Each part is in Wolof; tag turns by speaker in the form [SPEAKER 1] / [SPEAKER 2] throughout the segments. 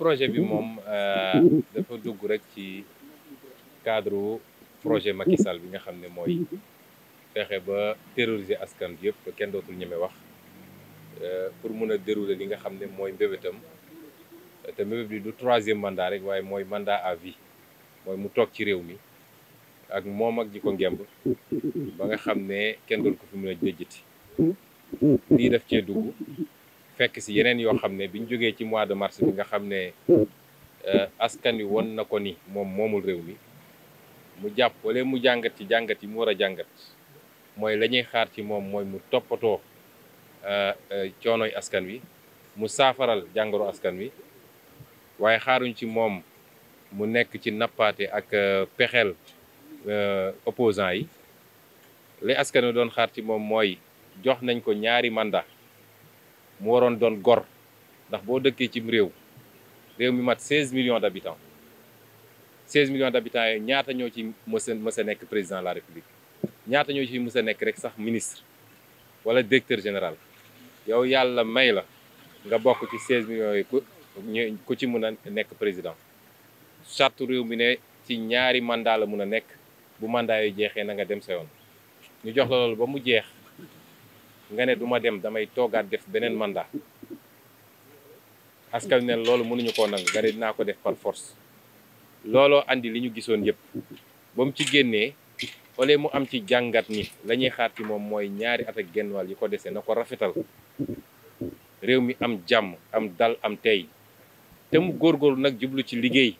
[SPEAKER 1] projet bi moom euh, dafa dugg rek ci cadre projet Macky bi nga xam ne mooy fexe ba terroriser askan bi yëpp ba kenn dootul ñeme wax euh, pour mun a dérouler li nga xam ne mooy mbébétam te mbébét bi du troisième mandat rek waaye mooy mandat à vie mooy mu toog ci réew mi ak moom ak ji ko ngemb ba nga xam ne kenn doon ko fi mun a jëjjiti lii def cee dugg fekk si yeneen yoo xam ne bi ñu jógee ci mois de mars bi nga xam ne euh, askan wi won na ko ni moom moomul réew mi mu jàpp wala mu jàngat ci jàngat yi mu war a jàngat mooy lañuy xaar ci moom mooy mu toppatoo euh, euh, coonoy askan wi mu saafaral jàngoro askan wi waaye xaaruñ ci moom mu nekk ci nappaate ak pexeel opposant yi li askan wi doon xaar ci moom mooy jox nañ ko ñaari mandat mu waroon doon gor ndax boo dëkkee cim réew réew mi mat 16 millions d'habitants 16 millions d'habitants yooyu ñaata ñoo ci mës a mës a nekk président la république ñaata ñoo ci mës a nekk rek sax ministre wala directeur général yow yàlla may la nga bokk ci 16 millions yi ku ku ci mën a nekk président charte réew mi ne ci ñaari mandat la mën a nekk bu mandat yi jeexee na nga dem sa yoon ñu jox la loolu ba mu jeex nga ne duma dem damay toogaat def beneen mandat askan ne loolu mënuñu koo nangu nga ne dinaa ko def par looloo indi li ñu gisoon yëpp ba mu ci génnee ole mu am ci jàngat ni lañuy ñuy xaar ci moom mooy ñaari at ak genn wàll yi ko desee na ko rafetal réew mi am jàmm am dal am tey te mu góorgóorlu nag jublu ci liggéey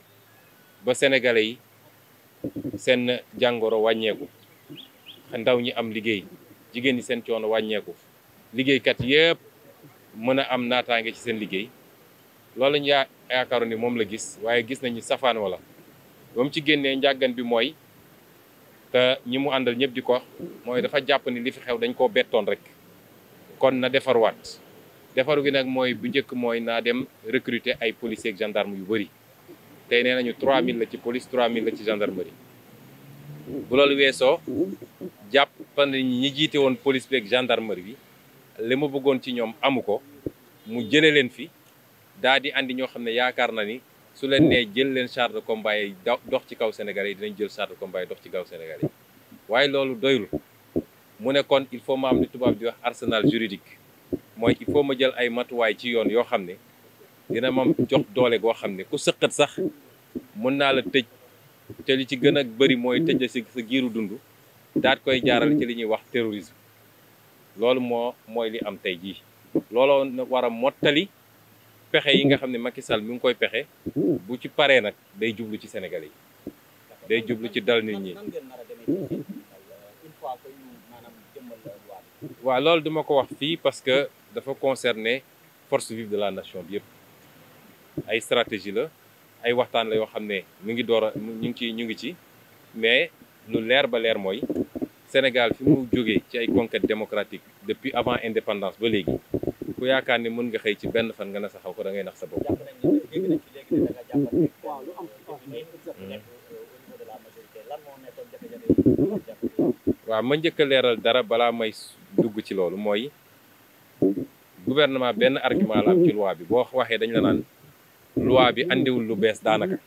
[SPEAKER 1] ba sénégalais yi seen jàngoro wàññeeku ndaw ñi am liggéey jigéen ñi seen coono wàññeeku liggéeykat yëpp mën a am naataange ci seen liggéey loolu lañu yaa yaakaaroon ni moom la gis waaye gis nañu safaan wala moom ci génne njàggan bi mooy te ñi mu àndal ñëpp di ko mooy dafa jàpp ni li fi xew dañ koo bettoon rek kon na defarwaat defaru gi nag mooy bu njëkk mooy naa dem recruter ay policiers ak gendarme yu bëri tey nee nañu mille la ci police mille la ci gendarmerie bu loolu weesoo jàpp fan ñi jiite woon police bi ak gendarmerie bi li ma bëggoon ci ñoom amu ko mu jëlee leen fi daa di andi ñoo xam ne yaakaar na ni su leen nee jël leen char de combat yi dox ci kaw Sénégalais yi dinañ jël char de dox ci kaw Sénégalais yi waaye loolu doyul mu nekkoon il faut ma am li tubaab bi wax arsenal juridique mooy il faut ma jël ay matuwaay ci yoon yoo xam ne dina ma jox doole goo xam ne ku sëqat sax mën naa la tëj te li ci gën a bëri mooy tëj la si sa giiru dund daat koy jaaral ci li ñuy wax terrorisme loolu moo mooy li am tey jii looloon war a mottali pexe yi nga xam ne Macky sal mu ngi koy pexe bu ci paree nag day jublu ci sénégal yi day jublu ci dal nit ñi waaw loolu duma ko wax fii parce que dafa concerner force vive de la nation bi yëpp ay stratégie la ay waxtaan la yoo xam ne mu ngi door a ñu ngi ci ñu ngi ci mais lu leer ba leer mooy Sénégal fi jóge ci ay conquête démocratique depuis avant indépendance ba léegi ku yaakaar ni mën nga xëy ci benn fan nga ne saxaw ko dangay ngay nax sa bopp. Mm-hmm. waaw ma njëkk leeral dara balaa may dugg ci loolu mooy gouvernement benn argument la am ci loi bi boo waxee dañ la naan loi bi andiwul lu bees daanaka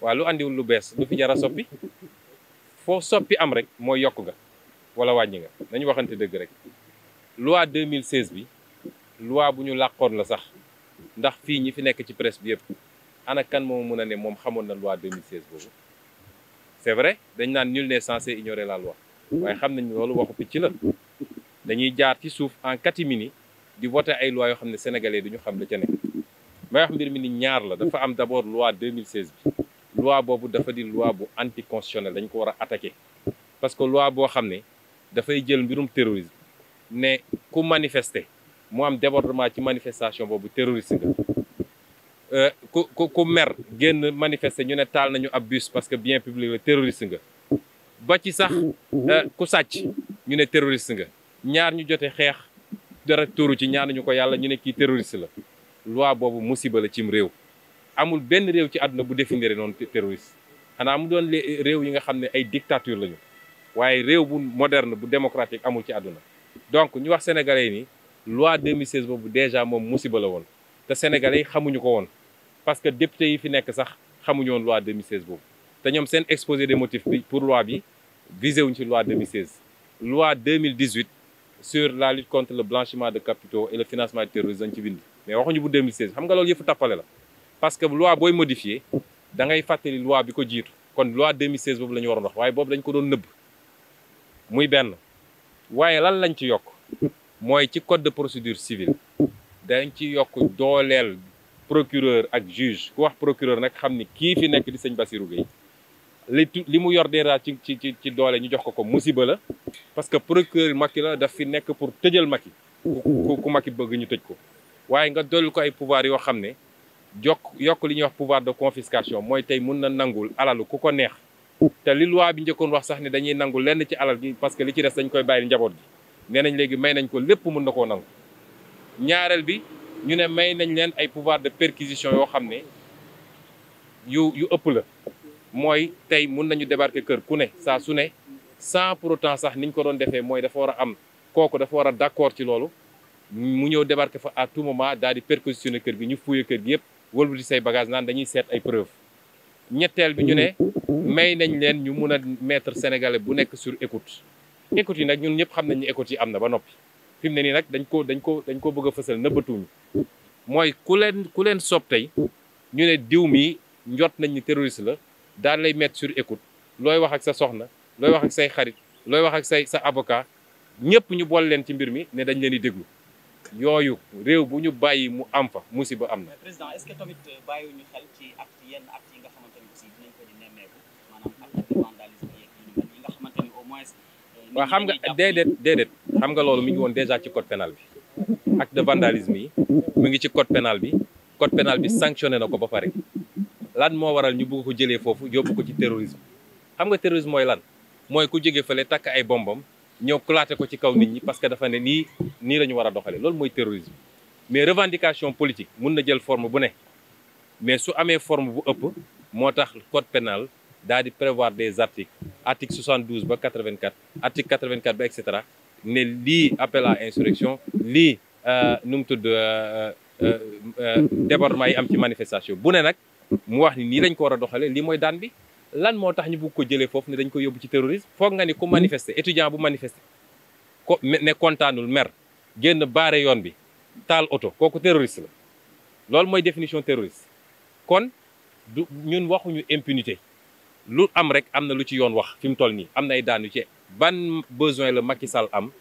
[SPEAKER 1] waaw lu andiwul lu bees lu fi jara soppi foo soppi am rek mooy yokk nga wala wàññi nga nañu waxante dëgg rek loi 2016 bi loi bu ñu làqoon la sax ndax fii ñi fi nekk ci presse bi yëpp ana kan moo mun a ne moom xamoon na loi 2016 boobu c'est vrai dañ naan nul n'est censé ignorer laal loi waaye xam nañ loolu waxu picc la dañuy jaar ci suuf en catimini di boote ay loi yoo xam ne sénégalais duñu xam la ca ne may wax mbir mi ni ñaar la dafa am d'abord loi 2016 bi loi boobu dafa di loi bu anticonstitutionnelle dañ ko war a attaquer parce que loi boo xam ne dafay jël mbirum terrorisme ne ku manifester mu am débordement ci manifestation boobu terroriste nga euh, ku ku ku mer génn manifester ñu ne taal nañu ab bus parce que bien public la terroriste nga ba ci sax euh, ku sàcc ñu ne terroriste nga ñaar ñu jote xeex dara tuuru ci nañu ko yàlla ñu ne kii terroriste la loi boobu musiba la cim réew amul benn réew ci àdduna bu définir noonu terroriste xanaa mu doon réew yi nga xam ne ay dictature lañu waaye réew bu moderne bu démocratique amul ci àdduna donc ñu wax sénégalais yi ni loi 2016 boobu déjà moom musiba la woon te sénégalais yi xamuñu ko woon parce que député yi fi nekk sax xamuñu woon loi 2016 boobu te ñoom seen exposé des motifs bi pour loi bi visé ci loi 2016 loi 2018 sur la lutte contre le blanchiment de capitaux et nga loolu yëfu tappale la parce que loi booy modifié da ngay fàttali loi bi ko jiitu kon loi 2016 boobu la ñu waroon wax waaye boobu dañ ko doon nëbb muy benn waaye lan lañ ci yokk mooy ci code de procédure civile dañ ci yokk dooleel procureur ak juge ku wax procureur nag xam ni kii fi nekk di sëñ Bassirou Gueye li li mu yor déjà ci ci ci ci doole ñu jox ko ko musiba la parce que procureur Macky la daf fi nekk pour tëjal Macky ku ku Macky bëgg ñu tëj ko waaye nga dolli ko ay pouvoir yoo xam ne jokk yokk li ñuy wax pouvoir de confiscation mooy tey mun na nangul alalu ku ko neex te li loi bi njëkkoon wax sax ni dañuy nangu lenn ci alal gi parce que li ci des dañ koy bàyyi njaboot gi nee nañ léegi may nañ ko lépp mun na ko nangu ñaareel bi ñu ne may nañ leen ay pouvoir de perquisition yoo xam ne yu yu ëpp la mooy tey mun nañu débarquer kër ku ne saa su ne sans pour autant sax niñ ko doon defee mooy dafa war a am kooku dafa war a d'accord ci loolu mu ñëw débarquer fa à moment daal di perquisitionner kër gi ñu fouiller kër wëlbati say bagage naan dañuy seet ay preuve ñetteel bi ñu ne may nañ leen ñu mun a mettre sénégalais bu nekk sur écoute écoute yi nag ñun ñëpp xam nañ ni écoute yi am na ba noppi fi ne nii nag dañ ko dañ ko dañ ko bëgg a fësal nëbbatuñu mooy ku leen ku leen soob tey ñu ne diw mii njot nañ ni terroriste la daal lay mettre sur écoute looy wax ak sa soxna looy wax ak say xarit looy wax ak say sa avocat ñëpp ñu boole leen ci mbir mi ne dañ leen di déglu yooyu réew bu ñu bàyyi mu am fa musiba am na. président tamit euh, bàyyiwuñu xel ci acte nga xamante ne aussi euh, xam nga déedéet déedéet xam nga loolu mi ngi woon déjà ci code pénal bi acte de vandalisme yi mu ngi ci code pénal bi code pénal bi sanctionné na ko ba pare lan moo waral ñu bëgg ko jëlee foofu yóbbu ko ci terrorisme xam nga terrorisme mooy lan mooy ku jóge fële takk ay bombom ñëw claté ko ci kaw nit ñi parce que dafa ne nii nii la ñu war a doxale loolu mooy terrorisme mais revendication politique mun na jël forme bu ne mais su amee forme bu ëpp moo tax code pénal daal di prévoir des articles article 72 ba 84 article 84 ba et cetera ne lii appel à insurrection lii euh, nu mu tudd euh, euh, débordement yi am ci manifestation bu ne nag mu wax ni nii lañ ko war doxale lii mooy daan bi lan moo tax ñu bugg ko jëlee foofu ne dañ ko yóbbu ci terrorisme foog nga ni ku manifester étudiant bu manifester ko ne kontaanul mer génn baare yoon bi taal oto kooku terroriste la loolu mooy définition terroriste kon du ñun waxuñu impunité lu am rek am na lu ci yoon wax fi mu toll nii am na ay daan yu ci ban besoin la Macky am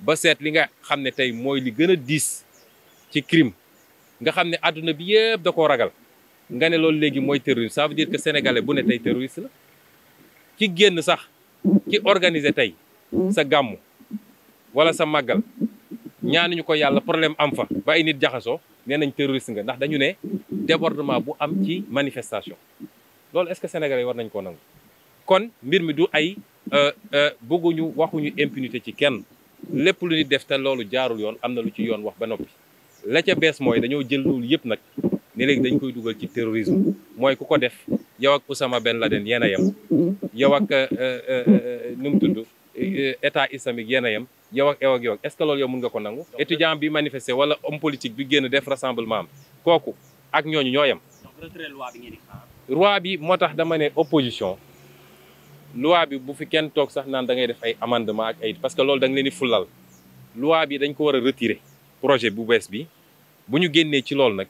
[SPEAKER 1] ba seet li nga xam ne tey mooy li gën a diis ci crime nga xam ne àdduna bi yëpp da koo ragal nga ne loolu léegi mooy terroriste ça veut dire que sénégalais bu ne tey terroriste la ki génn sax ki organiser tey sa gàmmu wala sa màggal ñaanuñu ko yàlla problème am fa ba ay nit jaxasoo nee nañ terroriste nga ndax dañu ne débordement bu am ci manifestation loolu est-ce que sénégalais war nañ koo nangu kon mbir mi du ay euh, euh, bëgguñu waxuñu impunité ci kenn lépp lu nit def te loolu jaarul yoon am na lu ci yoon wax ba noppi la ca bees mooy dañoo jël loolu yëpp nag ne léegi dañ koy dugal ci terrorisme mooy ku ko def yow ak benn Ben Laden yéen a yem yow ak euh, euh, euh, nu mu tudd état islamique yéen a yem yow ak yow ak yow ak est-ce que loolu yow mun nga ko nangu étudiant bi manifesté wala homme politique bi génn def rassemblement am kooku ak ñooñu ñoo yem loi bi moo tax dama ne opposition loi bi bu fi kenn toog sax naan da ngay def ay amendement ak ay parce que loolu danga nga leen di fulal loi bi dañ ko war a retirer projet bu bees bi bu ñu génnee ci loolu nag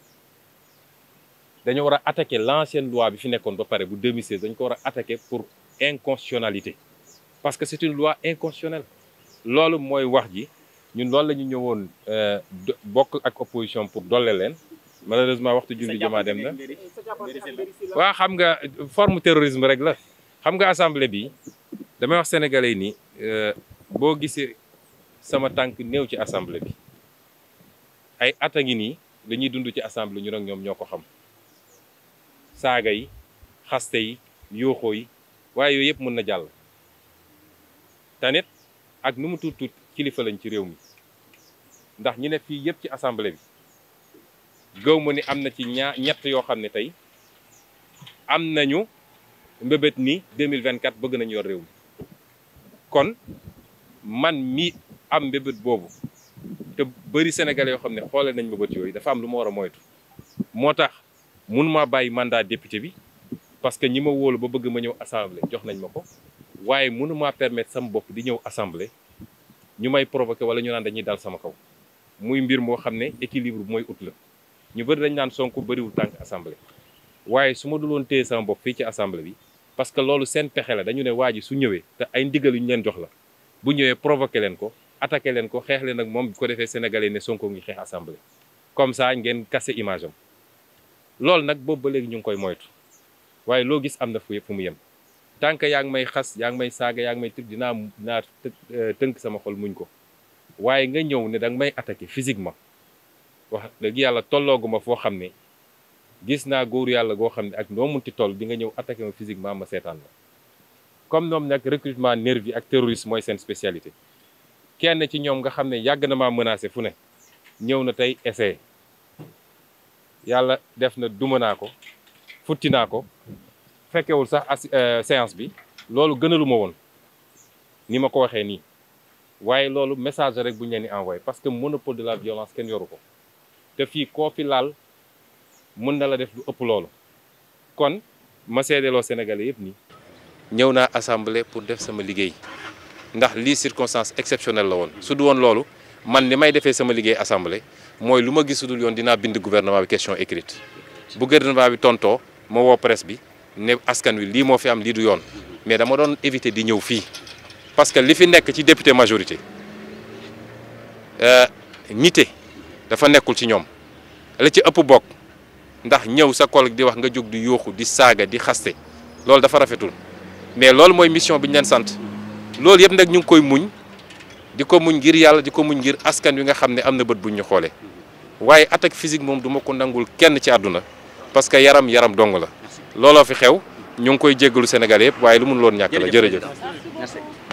[SPEAKER 1] dañoo war a attaquer l'ancienne loi bi fi nekkoon ba pare bu 2016 dañ ko war a attaquer pour inconstitutionnalité parce que c'est une loi inconstitutionnelle loolu mooy wax ji ñun loolu la ñu ñëwoon euh, bokk ak opposition pour dolle leen malheureusement waxtu julli jamaa dem na waa xam nga forme terrorisme rek la xam nga assemblée bi damay wax sénégalais yi nii euh, boo gisee sama tànk néew ci assemblée bi ay at a ngi nii la ñuy dund ci assemblée ñu nag ñoom ñoo ko xam saaga yi xaste yi yooxoo yi waaye yooyu yëpp mën na jàll tanit ak nu mu tuut tuut kilifa lañ ci réew mi ndax ñu ne fii yëpp ci assemblée bi gëw ma ni am na ci ñaar ñett yoo xam ne tey am nañu mbébét ni 2024 bëgg nañu yor réew kon man mi am mbébét boobu te bëri sénégalais yoo xam ne xoole nañ mbébét yooyu dafa am lu ma war a moytu moo tax mun maa bàyyi mandat député bi parce que ñi ma wóolu ba bëgg ma ñëw assemblée jox nañ ma ko waaye mënu maa permettre sama bopp di ñëw assemblée ñu may provoqué wala ñu naan dañuy dal sama kaw muy mbir moo xam ne équilibre mooy ut la ñu bëri dañ naan Sonko bëriwul tànk assemblée waaye su ma duloon téye sama bopp fii ci assemblée bi parce que loolu seen pexe la dañu ne waa ji su ñëwee te ay ndigal yu ñu leen jox la bu ñëwee provoqué leen ko attaqué leen ko xeex leen moom bu ko defee sénégalais ne Sonko ngi xeex assemblée comme ça ngeen casser image am loolu nag boobu ba léegi ñu ngi koy moytu waaye loo gis am na fu fu mu yem tant que yaa ngi may xas yaa ngi may saaga yaa ngi may tib dinaa dinaa euh, tënk sama xol muñ ko waaye nga ñëw ne da nga may attaqué physiquement wax dëgg yàlla tolloogu ma foo xam ne gis naa góor yàlla goo xam ne ak noo munti toll di nga ñëw attaqué ma physiquement ma seetaan la comme ñoom nag recrutement nervi ak terroriste mooy seen spécialité kenn ci ñoom nga xam ne yàgg na maa menacé fu ne ñëw na tey essayé yàlla def na duma naa ko futti naa ko fekkewul sax as euh, séance bi loolu gënalu ma woon ni ma ko waxee nii waaye loolu message rek bu ñu leen di envoyé parce que monopole de la violence kenn yoru ko te fii ko fi laal mën na la def lu ëpp loolu kon ma seedeeloo Sénégalais yëpp nii. ñëw naa assemblée pour def sama liggéey ndax lii circonstance exceptionnelle la woon su du woon loolu man li may defee sama liggéey assemblée. mooy lu ma gisulul yoon dinaa bind gouvernement bi question écrite bu gouvernement bi tontoo ma woo presse bi ne askan wi lii moo fi am lii du yoon mais dama doon éviter di ñëw fii parce que li fi nekk ci député majorité euh, nite dafa nekkul ci ñoom la ci ëpp bokk ndax ñëw sa collègue di wax nga jóg di yuuxu di saaga di xaste loolu dafa rafetul mais loolu mooy mission bi ñu leen sant loolu yëpp nag ñu ngi koy muñ di ko muñ ngir yàlla di ko muñ ngir askan wi nga xam ne am na bët bu ñu xoolee waaye attaque physique moom du ma ko nangul kenn ci àdduna parce que yaram yaram dong la looloo fi xew ñu ngi koy jéggalu Sénégal yëpp waaye lu mun loon ñàkk la jërëjëf